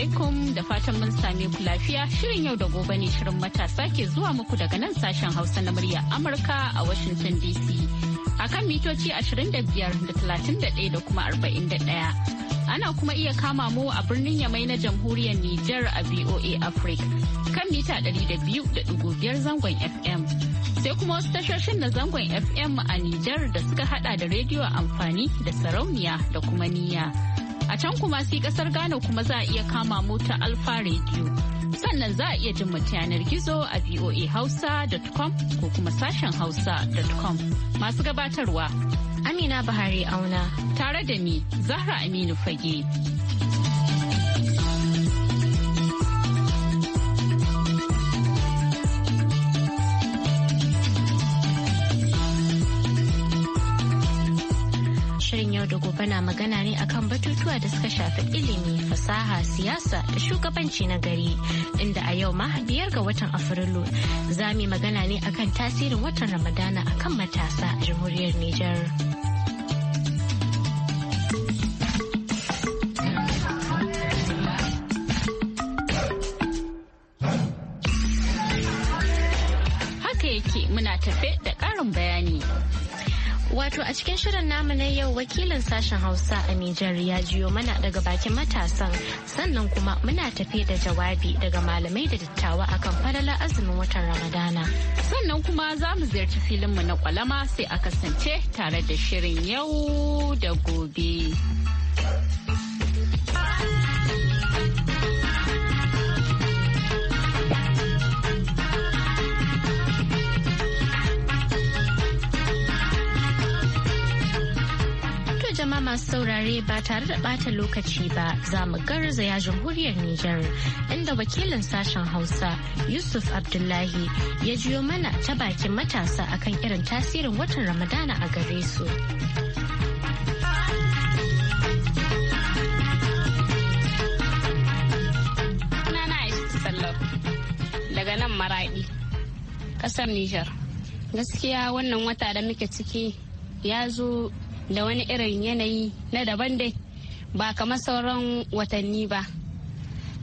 alaikum da fatan mun same ku lafiya shirin yau da gobe ne shirin matasa ke zuwa muku daga nan sashen hausa na murya amurka a washington dc a kan mitoci 25 da 31 da kuma 41 ana kuma iya kama mu a birnin yamai na jamhuriyar niger a voa africa kan mita 200.5 zangon fm sai kuma wasu tashoshin na zangon fm a niger da suka hada da rediyo amfani da sarauniya da kuma niyya A can kuma sai kasar Ghana kuma za a iya kama mota Alfa Radio. Sannan za a iya jin yanar gizo a voahausa.com ko kuma sashen hausa.com. Masu gabatarwa. Amina Buhari Auna. Tare da ni, Zahra Aminu Fage. yau da gobe na magana ne akan batutuwa da suka shafi ilimi, fasaha, siyasa da shugabanci na gari. Inda a yau ma biyar ga watan Afrilu za mu magana ne akan tasirin watan Ramadana akan matasa a jamhuriyar Nijar. Wato a cikin shirin namu na yau wakilin sashen Hausa a Nijar ya jiyo mana daga bakin matasan sannan kuma muna tafe da jawabi daga malamai da dattawa akan falalar azumin watan Ramadana. Sannan kuma za mu ziyarci filinmu na kwalama sai a kasance tare da shirin yau da gobe. masu saurare ba tare da bata lokaci ba za mu garzaya jamhuriyar Nijar inda wakilin sashen Hausa Yusuf Abdullahi ya jiyo mana ta bakin matasa akan irin tasirin watan Ramadana a gare su. daga nan maraɗi ƙasar Nijar. Gaskiya wannan wata da muke ciki ya zo da wani irin yanayi na daban dai ba kamar sauran watanni ba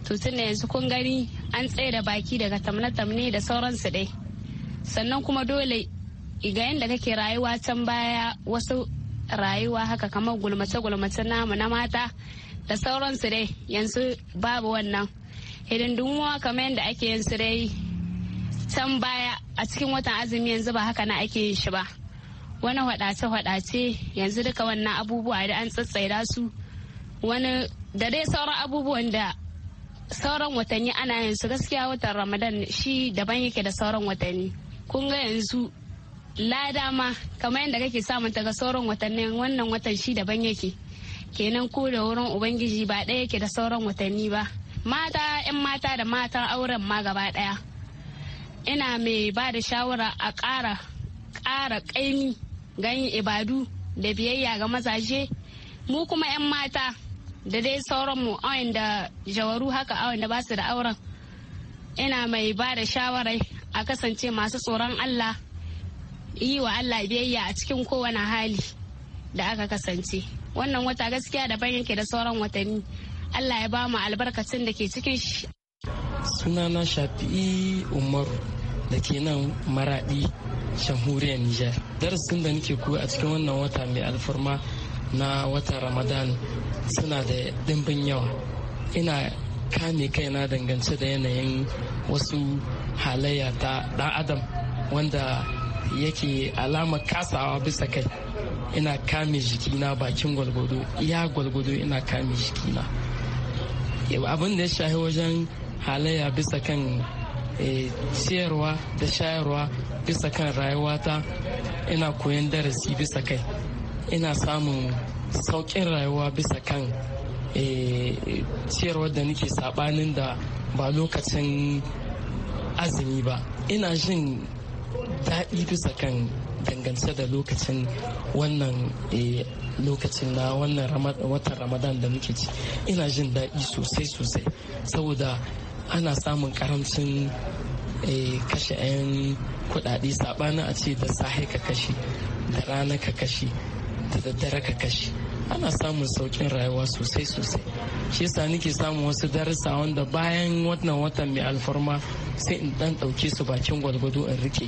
to da yanzu kun gani an tsaye da baki daga tamne-tamne da sauransu dai sannan kuma dole ga yadda kake rayuwa can baya wasu rayuwa haka kamar gulmace-gulmace namu na mata da sauransu dai yanzu babu wannan hidindimuwa kamar yadda ake yin dai can baya a cikin watan azumi yanzu ba haka na ake yin shi ba wani hwadace-hwadace yanzu duka wannan abubuwa da an tsatsaira su wani da dai sauran abubuwan da sauran watanni ana yin gaskiya watan ramadan shi daban yake da sauran watanni kun ga yanzu lada ma kamar yadda kake samun daga sauran watanni wannan watan shi daban yake kenan ko da wurin ubangiji ba ɗaya yake da sauran watanni ba mata 'yan mata da matan auren ma gaba ɗaya ina mai ba da shawara a ƙara ƙara ƙaimi ganin ibadu da biyayya ga mazaje mu kuma 'yan mata da dai sauranmu awon da jawaru haka awon da basu da auren ina mai ba da shawarai a kasance masu tsoron allah yi wa allah biyayya a cikin kowane hali da aka kasance wannan wata gaskiya daban yake da sauran watanni allah ya ba mu albarkacin da ke cikin shi sunana shafi'i umar da ke nan maraɗi jamhuriyar nijar darasin da nake koya a cikin wannan wata mai alfarma na wata ramadan suna da dimbin yawa ina kame kai na dangance da yanayin wasu halayya ta ɗan adam wanda yake alamar kasawa bisa kai ina kame jikina bakin gwalgwado ya gwalgwado ina kame jikina abin da ya shahi wajen halayya bisa kan Eh, ciyarwa da shayarwa bisa kan rayuwata ina koyon darasi bisa kai ina samun saukin rayuwa bisa kan eh, ciyarwar da nake sabanin da ba lokacin azumi ba ina jin daɗi bisa kan dangance da lokacin wannan eh, lokacin na wannan watan ramadan da muke ci ina jin daɗi sosai sosai saboda ana samun karamcin eh, kashe 'yan kudade sabanin a ce da sahi ka kashe da rana ka kashe da daddare ka kashe ana samun saukin rayuwa sosai sosai shi yasa nake samun wasu darussa wanda bayan wannan watan mai alfarma sai in dan dauke su bakin gwalgwado in rike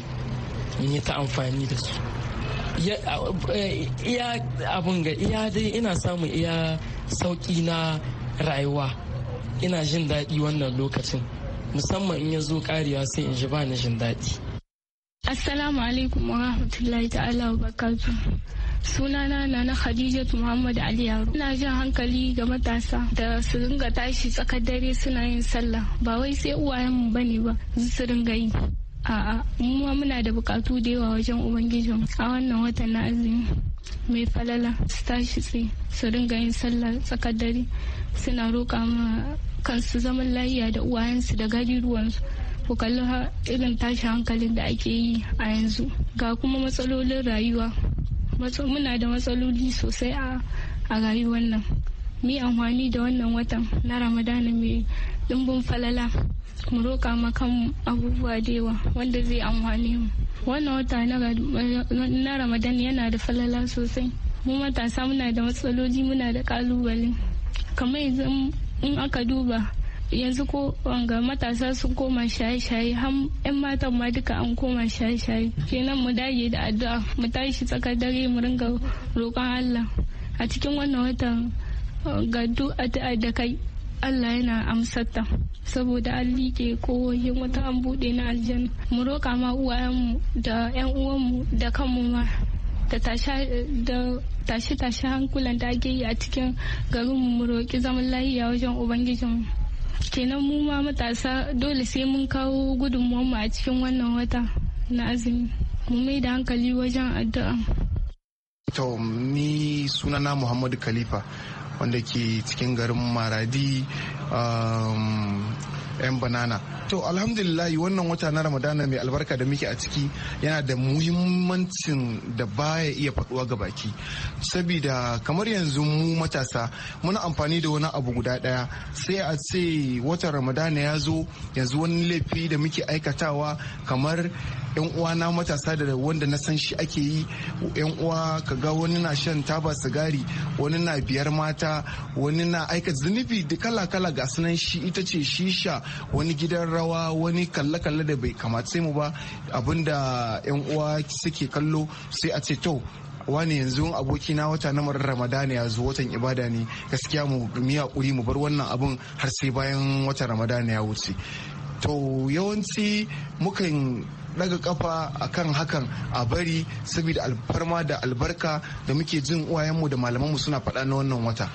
in yi ta amfani da su eh, iya abin ga iya dai ina samun iya sauki na rayuwa ina jin daɗi wannan lokacin musamman in ya zo karewa sai in ji ba na jin daɗi. Assalamu alaikum wa rahmatullahi ta'ala wa barkatu. Sunana na na Khadijatu Muhammad Ali Yaro. Ina jin hankali ga matasa da su ringa tashi tsakar dare suna yin sallah ba wai sai uwayenmu bane ba su ringa yi. A'a, mu ma muna da bukatu da yawa wajen Ubangijin a wannan watan na azumi. Mai falala su tashi tsaye su ringa yin sallah tsakar dare suna roƙa ma kansu zaman lafiya da uwayensu da gariruwansu ku kalli irin tashi hankalin da ake yi a yanzu ga kuma matsalolin rayuwa muna da matsaloli sosai a rayuwar nan mi amfani da wannan watan na ramadana mai dimbin falala mu roƙa makan abubuwa da yawa wanda zai amfani mu wannan wata na ramadan yana da falala sosai mu matasa muna da matsaloli muna da kalubale kamar yanzu in aka duba yanzu ko wanga matasa sun koma shaye-shaye har 'yan matan ma duka an koma shaye-shaye kenan mu dage da addu'a mu tashi tsakar dare mu ringa roƙon allah a cikin wannan watan ga du'a addu'a da kai Allah yana amsarta saboda an liƙe yin wata an buɗe na aljanna mu roƙa ma uwayenmu da 'yan uwanmu da kanmu ma da tashe-tashe hankulan da ake yi a cikin garin mu roƙi zaman lahiya wajen ubangijin kenan mu ma matasa dole sai mun kawo mu a cikin wannan wata na azumi mu mai da hankali wajen addu'a to ni sunana muhammadu khalifa wanda ke cikin garin maradi um, banana to alhamdulillah wannan wata na ramadana mai albarka da muke a ciki yana da muhimmancin da baya iya faduwa ga baki saboda kamar yanzu mu matasa muna amfani da wani abu guda daya sai a ce watan ramadana ya zo yanzu wani laifi da muke aikatawa kamar yan uwa na matasa da wanda na san shi ake yi yan uwa ka ga wani na shan taba sigari wani na biyar mata wani na aika zunubi da kala kala ga sunan shi ita ce shisha wani gidan rawa wani kalle kalle da bai kamata mu ba abinda yan uwa suke kallo sai a ce to wani yanzu aboki na wata na marar ramadana ya zo watan ibada ne gaskiya mu miya kuri mu bar wannan abun har sai bayan watan ramadana ya wuce to yawanci mukan ɗaga kafa akan hakan a bari saboda alfarma da albarka da muke jin uwayenmu da malamanmu suna faɗa na wannan wata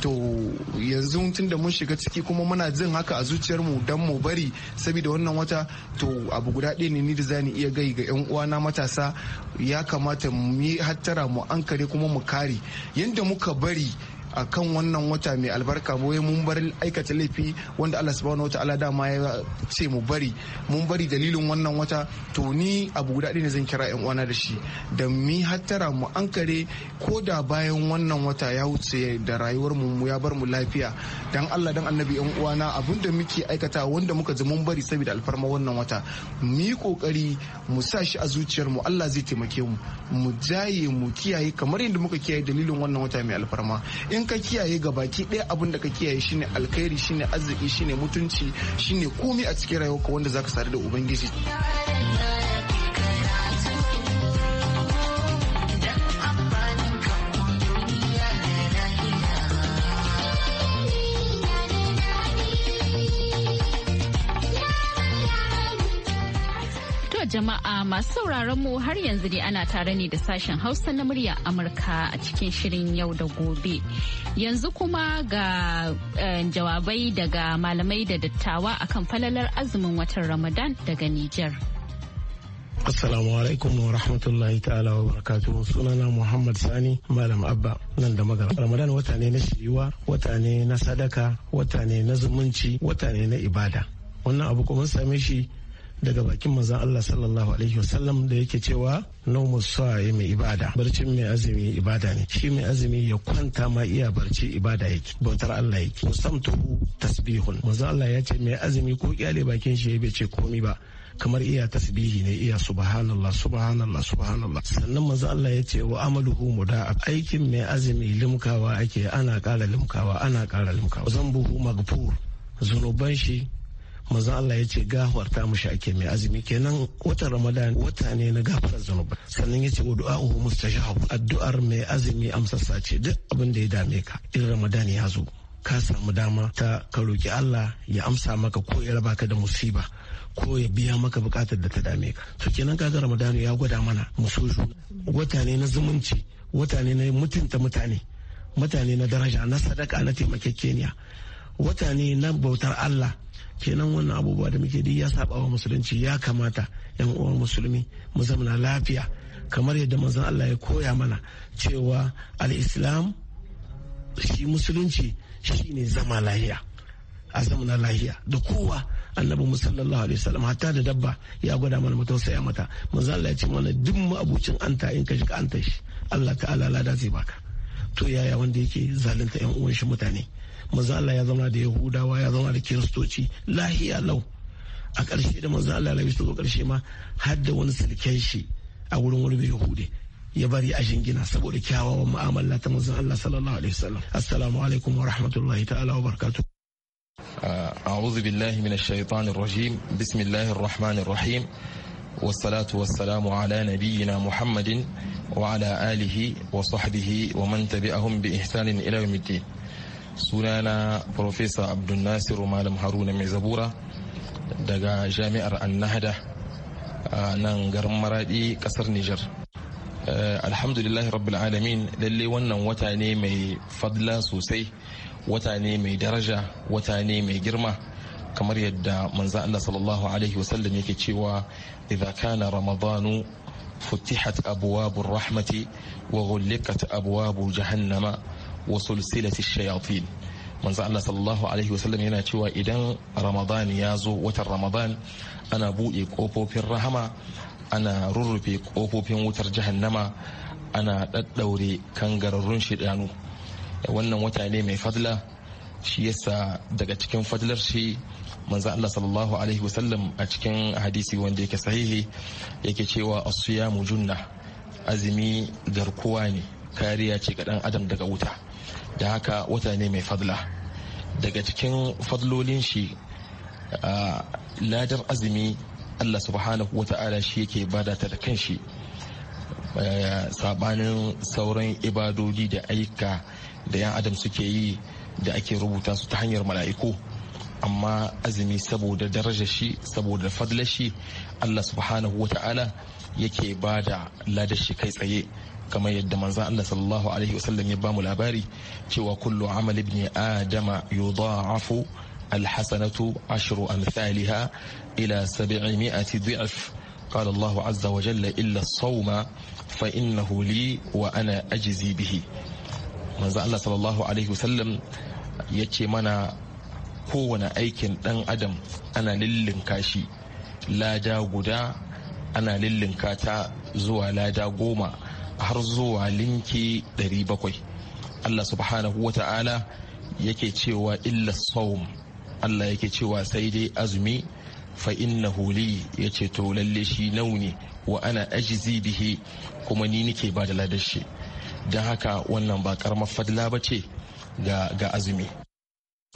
to yanzu tun da mun shiga ciki kuma muna jin haka a zuciyarmu don mu bari saboda wannan wata to abu guda ɗaya ne ni da zani iya gai ga yan uwana matasa ya kamata mu yi hattara mu ankare kuma mu kare yadda muka bari a kan wannan wata mai albarka boye mun bar aikata laifi wanda Allah subhanahu wataala dama ya ce mu bari mun bari dalilin wannan wata to ni abu guda ne zan kira yan uwana da shi da mi hattara mu an kare ko da bayan wannan wata ya wuce da rayuwar mu ya bar mu lafiya dan Allah dan annabi yan uwana abin da muke aikata wanda muka ji mun bari saboda alfarma wannan wata mu yi kokari mu sa shi a zuciyar mu Allah zai taimake mu mu jaye mu kiyaye kamar yadda muka kiyaye dalilin wannan wata mai alfarma in ka kiyaye ga baki ɗaya abin da ka kiyaye shine alkhairi shine arziki shine mutunci shine komi a cikin rayuwarka wanda zaka sadu da ubangiji jama'a masu sauraron mu har yanzu ne ana tare ne da sashen hausa na murya amurka a cikin shirin yau da gobe yanzu kuma ga eh, jawabai daga malamai da dattawa akan falalar azumin watan ramadan daga nijar. Assalamu alaikum wa rahmatullahi ta'ala wa barakatu sunana Muhammad Sani Malam Abba nan da magana. Ramadan wata ne na shiriwa, wata ne na sadaka, wata ne na zumunci, wata ne na ibada. Wannan abu kuma same shi daga bakin manzon Allah sallallahu alaihi wasallam da yake cewa nomu sa'i mai ibada barcin mai azumi ibada ne shi mai azumi ya kwanta ma iya barci ibada yake bautar Allah yake musamtuhu tasbihun manzon Allah ya ce mai azumi ko kyale bakin shi ya bai ce komi ba kamar iya tasbihi ne iya subhanallah subhanallah subhanallah sannan manzo Allah ya ce wa amaluhu muda aikin mai azumi limkawa ake ana kara limkawa ana kara limkawa buhu magfur zunuban shi manzon Allah ya ce ta mushi ake mai azumi kenan watan Ramadan wata ne na gafarar zunuba sannan ya ce wa du'a'uhu mustajab addu'ar mai azumi amsassa ce duk abin da ya dame ka in Ramadan ya zo ka samu dama ta ka roki Allah ya amsa maka ko ya raba ka da musiba ko ya biya maka bukatar da ta dame ka to kenan kaga Ramadan ya gwada mana musuju wata ne na zumunci wata ne na mutunta mutane mutane na daraja na sadaka na taimakekeniya wata ne na bautar Allah kenan wannan abubuwa da muke ya saba wa musulunci ya kamata yan uwan musulmi mu zamana lafiya kamar yadda manzon Allah ya koya mana cewa al-islam shi musulunci shine zama lahiya a zamana lahiya da kowa annabi musallallahu alaihi wasallam hatta da dabba ya gwada mana mutum tausaya mata manzon Allah ya ce mana duk abucin anta in ka shiga anta shi Allah ta'ala lada zai baka to yaya wanda yake zalunta yan uwan shi mutane manzo Allah ya zama da yahudawa ya zama da kiristoci lahiya lau a ƙarshe da manzo Allah ya zo ƙarshe ma har da wani silken shi a wurin wani bai yahude ya bari a shingina saboda kyawawan mu'amala ta manzon Allah sallallahu alaihi wasallam assalamu alaikum wa rahmatullahi ta'ala wa barakatuh أعوذ بالله من الشيطان الرجيم بسم الله الرحمن الرحيم والصلاة والسلام على نبينا محمد وعلى آله وصحبه ومن تبعهم بإحسان إلى يوم الدين sunana profesa abdulnasiru malam haruna mai zabura daga jami'ar annahada a nan garin maradi kasar niger eh, alhamdulillahi rabbil alamin lalle wannan wata ne mai fadla sosai wata ne mai daraja wata ne mai girma kamar yadda manzo Allah sallallahu alaihi wasallam yake cewa idza kana ramadanu futihat abwabur rahmati wa ghulqat abwabu jahannama wa sulsilati shayatin manzo Allah sallallahu alaihi wasallam yana cewa idan ramadan ya zo watan ramadan ana buɗe kofofin rahama ana rurrufe kofofin wutar jahannama ana ɗaɗɗaure kangararrun shidanu wannan wata ne mai fadla shi yasa daga cikin fadlar shi manzo Allah sallallahu alaihi wasallam a cikin hadisi wanda yake sahihi yake cewa as-siyamu junna azumi garkuwa ne kariya ce ga dan adam daga wuta da haka wata ne mai fadla daga cikin fadlolin shi a ladar azumi allah subhanahu wa ta'ala shi yake bada ta da kanshi sabanin sauran ibadodi da ayyuka da yan adam suke yi da ake rubuta su ta hanyar mala'iku amma azumi saboda darajar shi saboda fadlar shi allah subhanahu wa ta'ala yake ba da ladar shi kai tsaye kamar yadda manzan Allah sallallahu alaihi wasallam ya bamu labari cewa kullu amal ibn adama yudha'afu alhasanatu ashru amthaliha ila 700 dhi'f قال الله عز وجل إلا الصوم فإنه لي وأنا أجزي به manzo Allah sallallahu alaihi wasallam ya ce mana kowane aikin dan adam ana lillinka shi lada guda ana lillinka ta zuwa lada goma har zuwa linki 700 Allah subhanahu wa ta'ala yake cewa illa saum Allah yake cewa sai dai azumi fa inna huli ya ce to lalle shi nauni wa ana ajizi bihi kuma ni nike ba da ladar shi don haka wannan ba karamar fadla ba ce ga azumi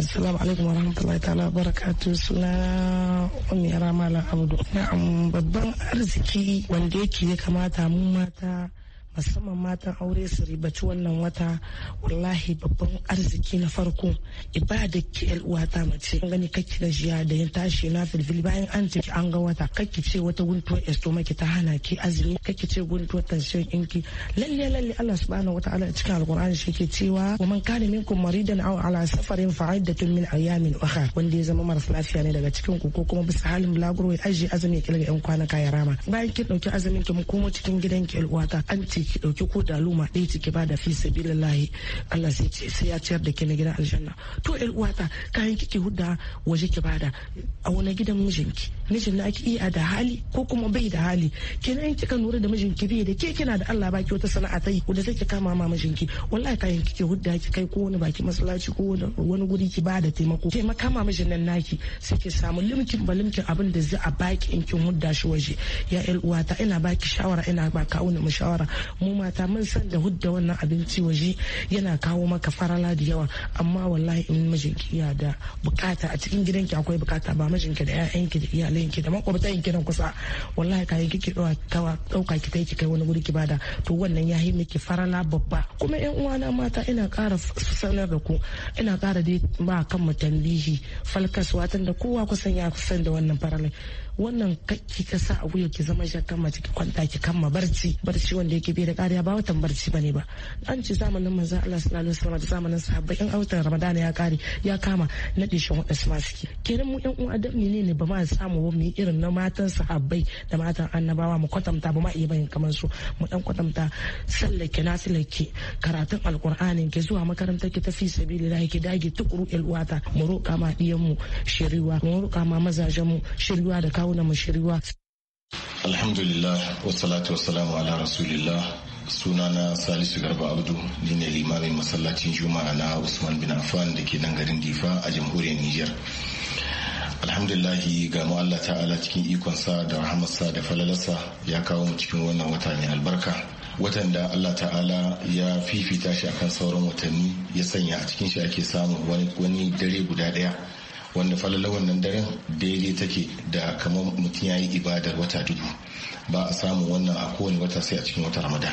Assalamu alaikum wa rahmatullahi ta'ala barakatu suna umiyar malam abdu. Na'am babban arziki wanda yake ya kamata mu mata musamman matan aure su ribaci wannan wata wallahi babban arziki na farko ibada ki uwata mace an gani kakki jiya da yin tashi na filfili bayan an ciki an ga wata kakki ce wata guntuwar estomaki ta hana ki azumi kakki ce guntuwar tension inki lalle lalle Allah subhanahu wa ta'ala cikin alqur'ani shi ke cewa wa man kana minkum maridan aw ala safarin fa iddatun min ayamin ukhra wanda ya zama marasa lafiya ne daga cikin ku ko kuma bisa halin bulaguro ya ajiye azumi ya kilga yan kwanaka ya rama bayan ki dauki azumin ki mu komo cikin gidan ki uwata an ce ki dauki ko daluma ɗaya ce ki bada fi sabilillahi Allah sai ce sai ya ciyar da ki na gidan aljanna to ƴar uwata kayan kike huda waje ki bada a wani gidan mijinki mijin na ki iya da hali ko kuma bai da hali kenan in kika nura da mijinki bai da ke kina da Allah baki wata sana'a ta yi wanda take kama ma mijinki wallahi kayan kike huda ki kai ko wani baki masallaci ko wani guri ki bada taimako taimaka ma mijin nan naki sai ki samu limkin ba limkin abin da za a baki in kin hudda shi waje ya ƴar uwata ina baki shawara ina ba kawo mu shawara mu mata mun san da hudda wannan abinci waje yana kawo maka farala da yawa amma wallahi in mijinki ya da bukata a cikin gidanki akwai bukata ba mijinki da 'ya'yanki da iyalanki da makwabtanki nan kusa wallahi kayan kike kawa dauka ki kai ki kai wani wuri ki bada to wannan ya yi miki farala babba kuma yan uwana mata ina kara sanar da ku ina kara dai ba kan mutan tambihi falkaswa tunda kowa kusan ya kusan da wannan faralai wannan kakki ka sa a wuya ki zama shakkan mace ki kwanta ki kama barci barci wanda yake bai da kariya ba watan barci bane ba an ce zamanin manzo Allah sallallahu alaihi wasallam zamanin sahabbai in autan Ramadan ya kare ya kama na dishin su ma suke kenan mu yan uwa dabni ne ne ba ma samu ba mu irin na matan sahabbai da matan annabawa mu kwatanta ba ma iya bayin kamar su mu dan kwatanta sallake na sallake karatun alkur'ani ki zuwa makarantar ki tafi sabilillahi ki dage tukuru ilwata mu roƙa ma diyan mu shiriwa mu roƙa ma mazajen mu shiriwa da kawo auna mashiriwa. Alhamdulillah wassalatu wassalamu ala rasulillah sunana salisu garba abdu ni ne limamin masallacin juma'a na usman bin affan da ke nan garin difa a jamhuriyar Nijar. Alhamdulillah ga mu allah ta'ala cikin ikonsa da rahamarsa da falalarsa ya kawo mu cikin wannan wata ne, albarka watan da allah ta'ala ya fifita shi akan sauran watanni ya sanya a cikin shi ake samun wani dare guda daya wanda falala wannan daren daidai take da kamar mutum ya yi ibadar wata dubu ba a samun wannan a kowane wata sai a cikin wata ramadan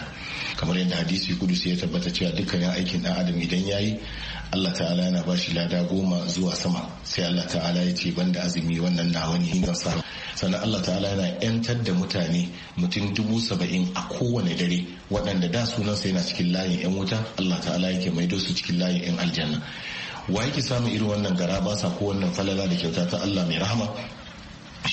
kamar yadda hadisi kudu kudusi ya tabbata cewa dukkanin aikin dan adam idan ya yi allah ta'ala yana ba shi lada goma zuwa sama sai allah ta'ala ya ce banda azumi wannan na wani zan sa sannan allah ta'ala yana yantar da mutane mutum dubu saba'in a kowane dare waɗanda da sunansa yana cikin layin yan wuta allah ta'ala yake maido su cikin layin yan aljanna wa yake samun irin wannan gara ba sa ko wannan falala da kyauta ta Allah mai rahama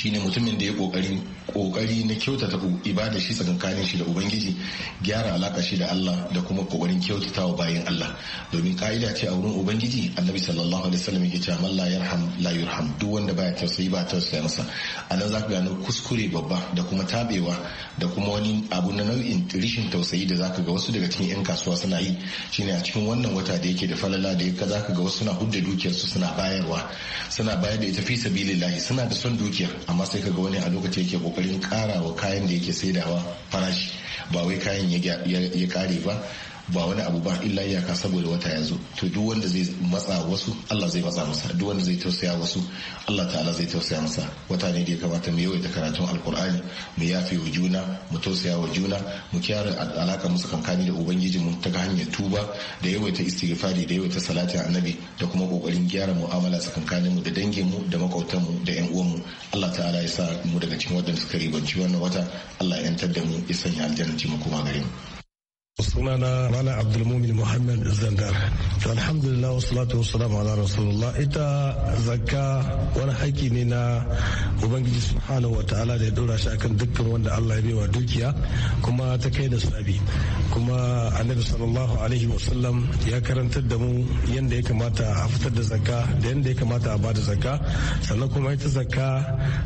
ne mutumin da ya kokari kokari na kyautata ibada shi tsakankanin shi da ubangiji gyara alaka shi da Allah da kuma kokarin kyautatawa bayan Allah domin ka'ida ce a wurin ubangiji annabi sallallahu alaihi wasallam yake cewa la yarham la yurham duk wanda baya tausayi ba tausaya masa anan zaka gano kuskure babba da kuma tabewa da kuma wani abu na nau'in rishin tausayi da zaka ga wasu daga cikin yan kasuwa suna yi shine a cikin wannan wata da yake da falala da yake ka ga wasu suna hudda dukiyarsu suna bayarwa suna bayar da ita fi sabilillahi suna da son dukiyar amma sai ga wani a lokaci yake kokarin karawa kayan da yake saidawa farashi ba wai kayan ya kare ba ba wani abu ba illa iyaka saboda wata yanzu to duk wanda zai matsa wasu Allah zai matsa masa duk wanda zai tausaya wasu Allah ta'ala zai tausaya masa wata ne da ya kamata mu yawaita karatun alkur'ani mu yafe wa juna mu tausaya wa juna mu kyara alaka musu kankani da ubangiji mu ta hanyar tuba da yawaita istighfari da yawaita salatin annabi da kuma kokarin gyara mu'amala tsakankanin mu da dangin mu da makwabtan mu da yan uwan mu Allah ta'ala ya sa mu daga cikin wadanda suka ribanci wannan wata Allah ya yantar da mu ya sanya aljanna ci mu kuma gare mu sunana malam abdulmumin muhammad zandar to alhamdulillah wassalatu wassalamu ala rasulullah ita zakka wani haƙƙi ne na ubangiji subhanahu wataala da ya dora shi akan dukkan wanda Allah ya baiwa dukiya kuma ta kai da sabi kuma annabi sallallahu alaihi wasallam ya karantar da mu yadda ya kamata a fitar da zakka da yanda ya kamata a bada zakka sannan kuma ita zakka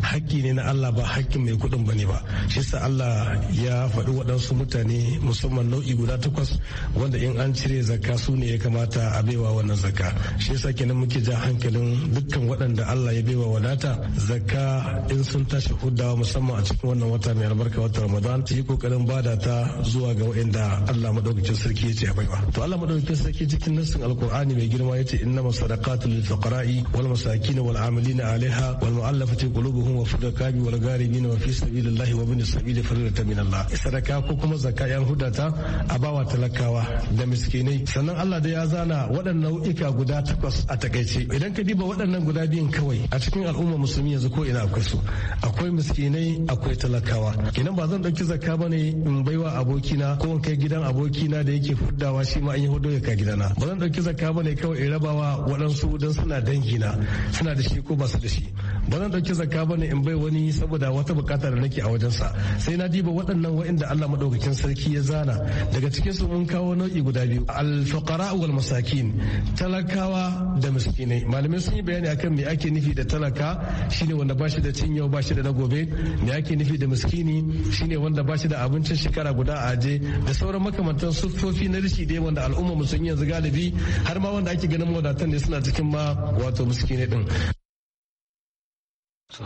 haƙƙi ne na Allah ba haƙƙin mai kuɗin bane ba shi sa Allah ya faɗi waɗansu mutane musamman nau'i guda takwas wanda in an cire zakka su ne ya kamata a baiwa wannan zakka shi yasa kenan muke ja hankalin dukkan waɗanda Allah ya baiwa wadata zakka in sun tashi huddawa musamman a cikin wannan wata mai albarka wata Ramadan yi kokarin bada ta zuwa ga waɗanda Allah madaukakin sarki ya ce a baiwa to Allah madaukakin sarki cikin nassin alkur'ani mai girma yace inna masadaqatul sadaqatu fuqara'i wal masakin wal amilina alaiha wal mu'allafati qulubuhum wa fi wal gharibin wa fi sabilillahi wa bin sabili faridatan min Allah sadaka ko kuma zakka yan hudata a bawa talakawa da miskinai sannan Allah da ya zana waɗannan nau'ika guda takwas a takaice idan ka diba waɗannan guda biyun kawai a cikin al'umma musulmi yanzu ko ina akwai su akwai miskinai akwai talakawa kenan ba zan ɗauki zakka ba ne in baiwa abokina ko in kai gidan abokina da yake huddawa shi ma an yi hudo ya ka gidana ba zan ɗauki zakka ba ne kawai in rabawa waɗansu don suna dangina suna da shi ko ba su da shi ba zan dauki zakka bane in bai wani saboda wata bukata da nake a wajensa sai na diba waɗannan wa'inda Allah madaukakin sarki ya zana daga cikin su mun kawo nau'i guda biyu al-fuqara wal masakin talakawa da miskinai malamai sun yi bayani akan me ake nufi da talaka shine wanda ba shi da cin yau ba shi da na gobe me ake nufi da miskini shine wanda ba shi da abincin shekara guda a aje da sauran makamantan siffofi na rishi dai wanda al'umma mu sun yanzu galibi har ma wanda ake ganin wadatan ne suna cikin ma wato miskinai din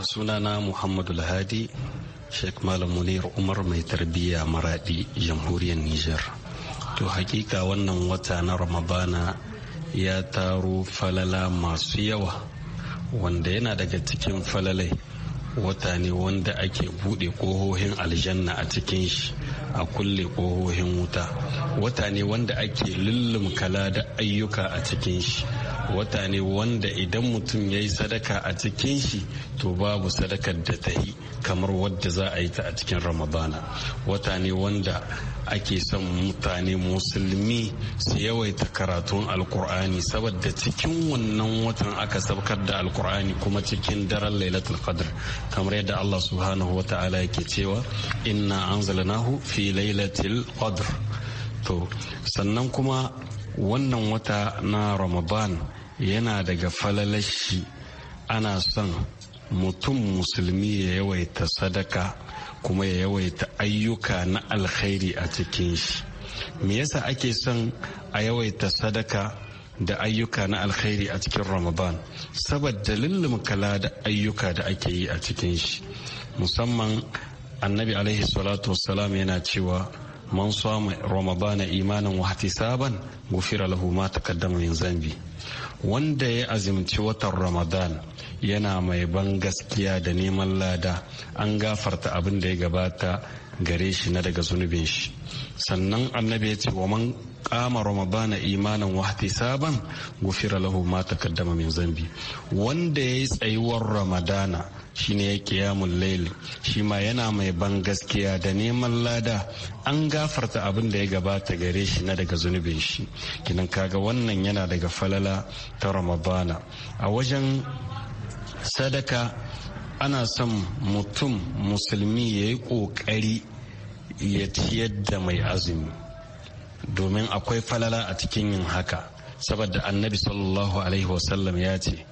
sunana muhammadu lahadi sheikh malam munir umar mai tarbiyya maradi jamhuriyar niger to hakika wannan wata na ramadana ya taro falala masu yawa wanda yana daga cikin falalai wata ne wanda ake buɗe ƙohohin aljanna a cikin shi a kulle ƙohohin wuta wata ne wanda ake lullum kala da ayyuka a cikin shi wata ne wanda idan mutum ya yi sadaka a cikin shi to babu sadakar da ta yi kamar wadda za a yi ta a cikin ramadana wata ne wanda ake son mutane musulmi su yawaita karatun alkur'ani saboda cikin wannan watan aka sabkar da alkur'ani kuma cikin daren lailatul qadr kamar yadda Allah subhanahu wata'ala yake cewa inna anzalnahu fi lailatul qadr to sannan kuma wannan wata na ramadan yana daga falalashi ana son mutum musulmi ya yawaita sadaka kuma ya yawaita ayyuka na alkhairi a cikin shi me yasa ake son a yawaita sadaka da ayyuka na alkhairi a cikin ramadan saboda lullumkala da ayyuka da ake yi a cikin shi musamman annabi alaihi salatu wasalam yana cewa man samu ramadana imanin wa hatisaban gufira lahu ma takaddama min zambi wanda ya azimci watan ramadan yana mai ban gaskiya da neman lada an gafarta abin da ya gabata gare shi na daga zunubin shi sannan annabi ya ce wa man kama ramadana imanin wa saban gufira lahu ma takaddama min zambi wanda ya yi tsayuwar ramadana shine ya yamun laili shi ma yana mai ban gaskiya da neman lada an gafarta abin da ya gabata gare shi na daga zunubin shi kinan kaga wannan yana daga falala ta ramadana a wajen sadaka ana son mutum musulmi ya yi ƙoƙari ya ciyar da mai azumi domin akwai falala a cikin yin haka saboda annabi sallallahu alaihi wasallam ya ce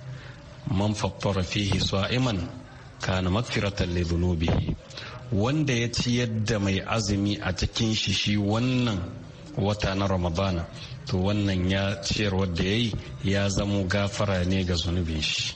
man fattara fihi sa'iman kana makfiratan li wanda ya ci yadda mai azumi a cikin shi shi wannan wata na ramadana to wannan ya ciyar wadda ya yi ya zamo gafara ne ga zunubin shi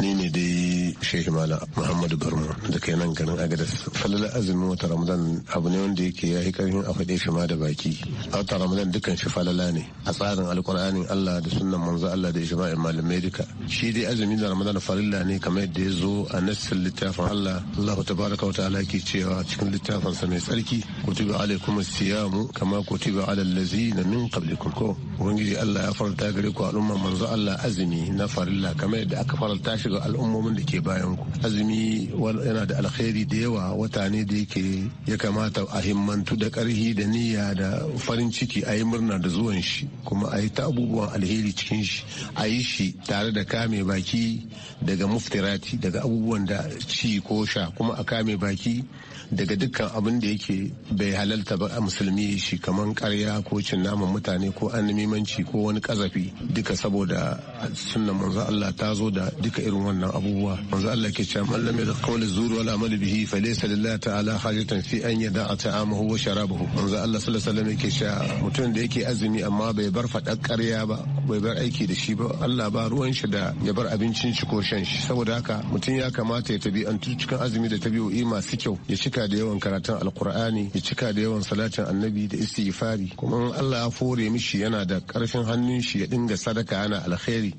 ne dai shi shehi malam muhammadu barno da ke nan garin agadas falala azumin wata ramadan abu ne wanda yake ya yi karfin a faɗe shi ma da baki a wata ramadan dukkan shi falala ne a tsarin alkur'anin allah da sunnan manzo allah da ijma'in malamai duka shi dai azumi da ramadan falala ne kamar yadda ya zo a nassin littafin allah allah ta baraka ta'ala ke cewa cikin littafin sa mai tsarki kutiba alaikum siyamu kama kutiba alal ladzina min qablikum ko ubangiji allah ya faranta gare ku al'umma manzo allah azumi na farilla kamar yadda aka faranta shi ga al'ummomin da ke bayan ku azumi yana da alkhairi da yawa wata ne da yake ya kamata a himmantu da karhi da niyya da farin ciki a yi murna da zuwan shi kuma a yi ta abubuwan alheri cikin shi a yi shi tare da kame baki daga muftirati daga abubuwan da ci ko sha kuma a kame baki daga dukkan abin da yake bai halalta ba a musulmi shi kamar karya ko cin naman mutane ko annimimanci ko wani kazafi duka saboda sunan manzo Allah ta zo da duka irin wannan abubuwa manzo Allah ke cewa man lam yadqa zur wal amal bihi laysa lillahi ta'ala hajatan fi an yada'a ta'amahu wa sharabahu manzo Allah sallallahu alaihi wasallam ke cewa mutum da yake azumi amma bai bar fadar karya ba bai bar aiki da shi ba Allah ba ruwan shi da ya bar abincin shi ko shan shi saboda haka mutum ya kamata ya tabi an cikin azumi da tabi'o'i masu kyau ya ci cika da yawan karatun alkur'ani ya cika da yawan salatin annabi da istighfari kuma Allah ya fore mishi yana da karfin hannun shi ya dinga sadaka ana alkhairi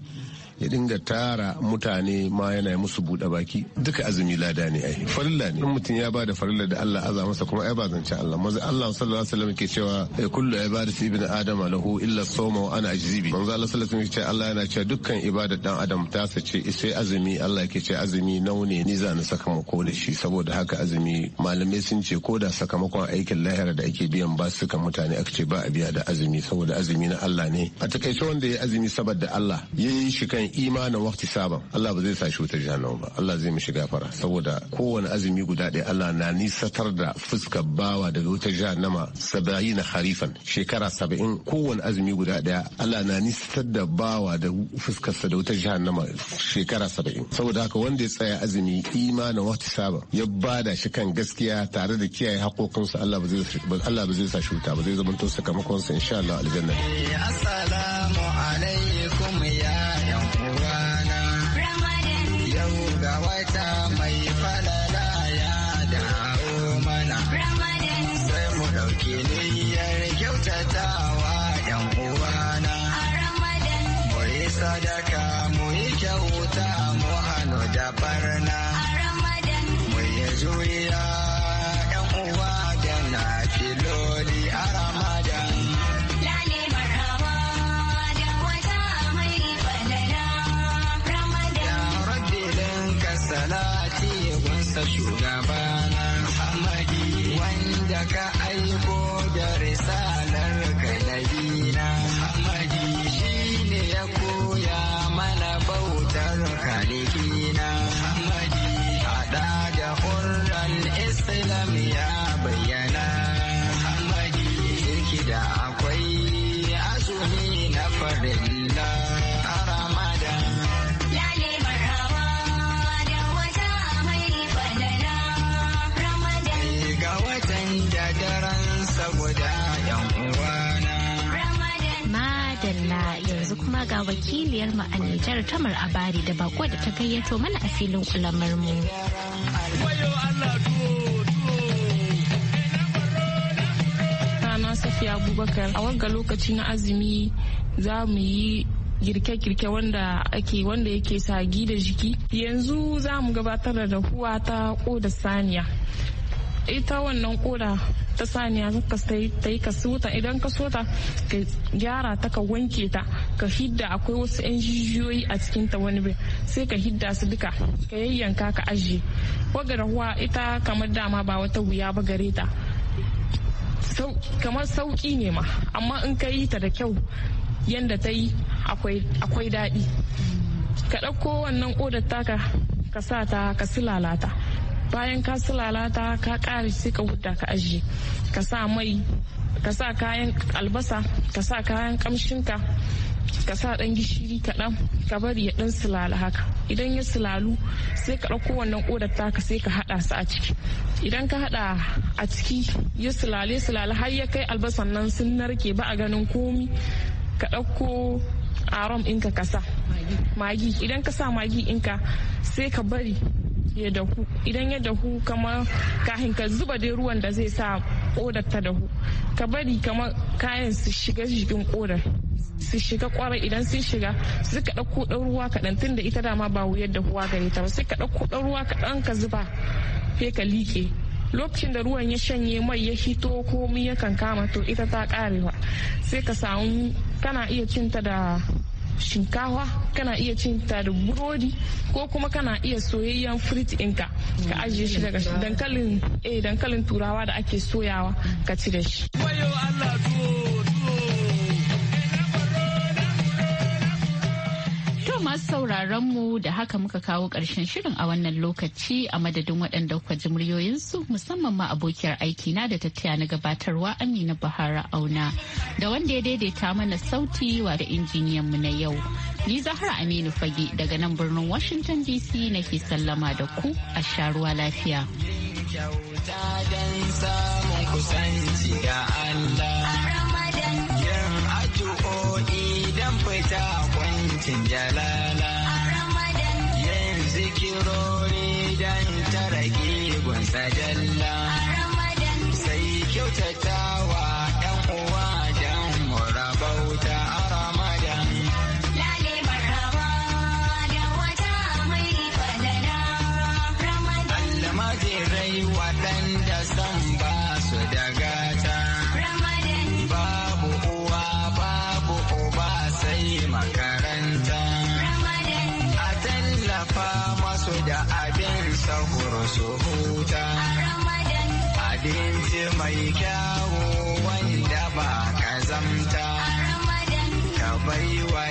ya dinga tara mutane ma yana musu buɗe baki duka azumi lada ne ai farilla ne mutum ya bada farilla da Allah azza masa kuma ai ba zance Allah manzo Allah sallallahu alaihi wasallam ke cewa eh, kullu ibadati ibn adam lahu illa sawma wa ana ajzibi manzo Allah sallallahu alaihi wasallam ke cewa Allah yana cewa dukkan ibadar dan adam ta sace sai azumi Allah yake ce azumi naune ni zan na sakamako da shi saboda haka azumi malamai sun ce ko da sakamakon aikin lahira da ake biyan ba ka mutane aka ce ba a biya da azumi saboda azumi na Allah ne a takaice wanda ya azumi saboda Allah yayi shi kan wannan imanin wakti saban Allah ba zai sa shi wutar jahannama ba Allah zai mishi gafara saboda kowane azumi guda ɗaya Allah na nisatar da fuskar bawa daga harifan shekara saba'in kowane azumi guda ɗaya Allah na nisatar da bawa da fuskarsa da shekara saba'in saboda haka wanda ya tsaya azumi imanin wakti ya bada shi kan gaskiya tare da kiyaye haƙoƙinsa Allah ba zai sa shi wuta ba zai zama to sakamakonsa insha Allah aljanna. Assalamu alaikum. mai falala ya dawo mana sai mu ɗauki niyyar kyautatawa yan uwana mu yi sadaka mu yi kyauta mu hannu da barna mu yi juriya ga wakiliyar mu a Nijar Tamar Abari da bako da ta gayyato mana a filin kulamar mu. Sana Safiya Abubakar a wanga lokaci na azumi za mu yi girke-girke wanda ake wanda yake sagi da jiki yanzu za mu gabatar da dahuwa ta koda saniya ita wannan koda ta saniya ta yi ta idan ka sota ka gyara ta ka wanke ta ka hidda akwai wasu 'yan jijiyoyi a cikin ta wani bai sai ka hidda su duka ka yayyanka ka ajiye wagar rahuwa ita kamar dama ba wata wuya ba gare ta kamar sauki ne ma amma in ka yi ta da kyau yadda ta yi akwai daɗi ka ɗauko wannan odar taka ka sa ta ka silalata bayan ka silalata ka ƙare sai ka hudda ka ajiye ka sa mai ka sa kayan albasa ka sa kayan ƙamshinka ka sa dan gishiri kaɗan ka bari ya dan sulala haka idan ya sulalu sai ka ɗauko wannan ƙodar taka sai ka haɗa su a ciki idan ka haɗa a ciki ya sulale sulale har ya kai albasan nan sun narke ba a ganin komi ka ɗauko aron ɗinka ka sa magi idan ka sa magi ɗinka sai ka bari ya dahu idan ya dahu kamar kahin ka zuba dai ruwan da zai sa ƙodar ta dahu ka bari kamar kayan su shiga jikin ƙodar su shiga kwarai idan sun shiga su ka ɗauko ɗan ruwa kaɗan tun da ita dama ba wuyar da huwa gare ta ba sai ka ɗauko ɗan ruwa kaɗan ka zuba sai ka liƙe lokacin da ruwan ya shanye mai ya hito komi ya kankama to ita ta karewa sai ka samu kana iya cinta da shinkawa kana iya cinta da burodi ko kuma kana iya soyayyen fruit inka ka ajiye shi daga eh, dankalin turawa da ake soyawa ka ci da shi. sauraron mu da haka muka kawo ƙarshen shirin a wannan lokaci a madadin waɗanda kwa ji muryoyinsu musamman ma abokiyar aiki na da tattaya na gabatarwa Amina Bahara Auna da wanda ya daidaita mana sauti wa da injiniyan mu na yau. Ni Zahra Aminu Fage daga nan birnin Washington DC nake sallama da ku a sharuwa lafiya. kyauta فجل mai kyawo wanda ba kazamta ka baiwa